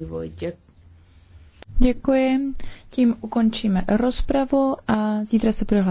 Vojtě. Děkuji. Tím ukončíme rozpravu a zítra se bude